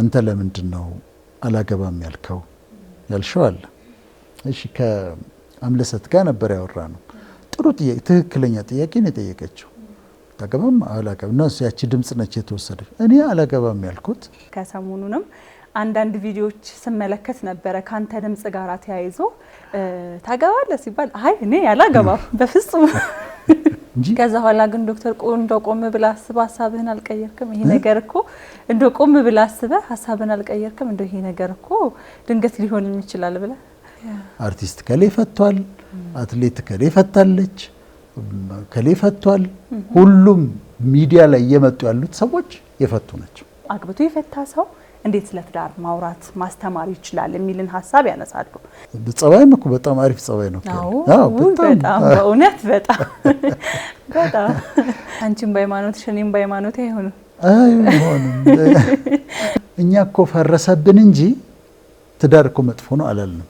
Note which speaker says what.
Speaker 1: አንተ ለምንድን ነው አላገባም ያልከው ያልሽው አለ። እሺ ከአምለሰት ጋር ነበር ያወራ ነው። ጥሩ ጥያቄ፣ ትክክለኛ ጥያቄ ነው የጠየቀችው። አላገባም አላገባም እና ያቺ ድምፅ ነች የተወሰደ። እኔ አላገባም ያልኩት
Speaker 2: ከሰሞኑንም አንዳንድ ቪዲዮዎች ስመለከት ነበረ ከአንተ ድምጽ ጋር ተያይዞ ታገባለ ሲባል አይ እኔ ያላገባም በፍጹም እንጂ ከዛ ኋላ ግን ዶክተር እንደ ቆም ብላ አስበ ሀሳብህን አልቀየርክም? ይሄ ነገር እኮ እንደ ቆም ብላ አስበ ሀሳብህን አልቀየርክም? እንደ ይሄ ነገር እኮ ድንገት ሊሆንም ይችላል ብለ
Speaker 1: አርቲስት ከሌ ፈቷል፣ አትሌት ከሌ ፈታለች፣ ከሌ ፈቷል። ሁሉም ሚዲያ ላይ እየመጡ ያሉት ሰዎች የፈቱ ናቸው።
Speaker 2: አግብቶ የፈታ ሰው እንዴት ስለ ትዳር ማውራት ማስተማር ይችላል የሚልን ሀሳብ ያነሳሉ።
Speaker 1: ጸባይም እኮ በጣም አሪፍ ጸባይ ነው።
Speaker 2: በጣም በእውነት በጣም በጣም አንቺም በሃይማኖት እኔም በሃይማኖት አይሆኑ
Speaker 1: አይሆንም። እኛ እኮ ፈረሰብን እንጂ ትዳር እኮ መጥፎ ነው አላልንም።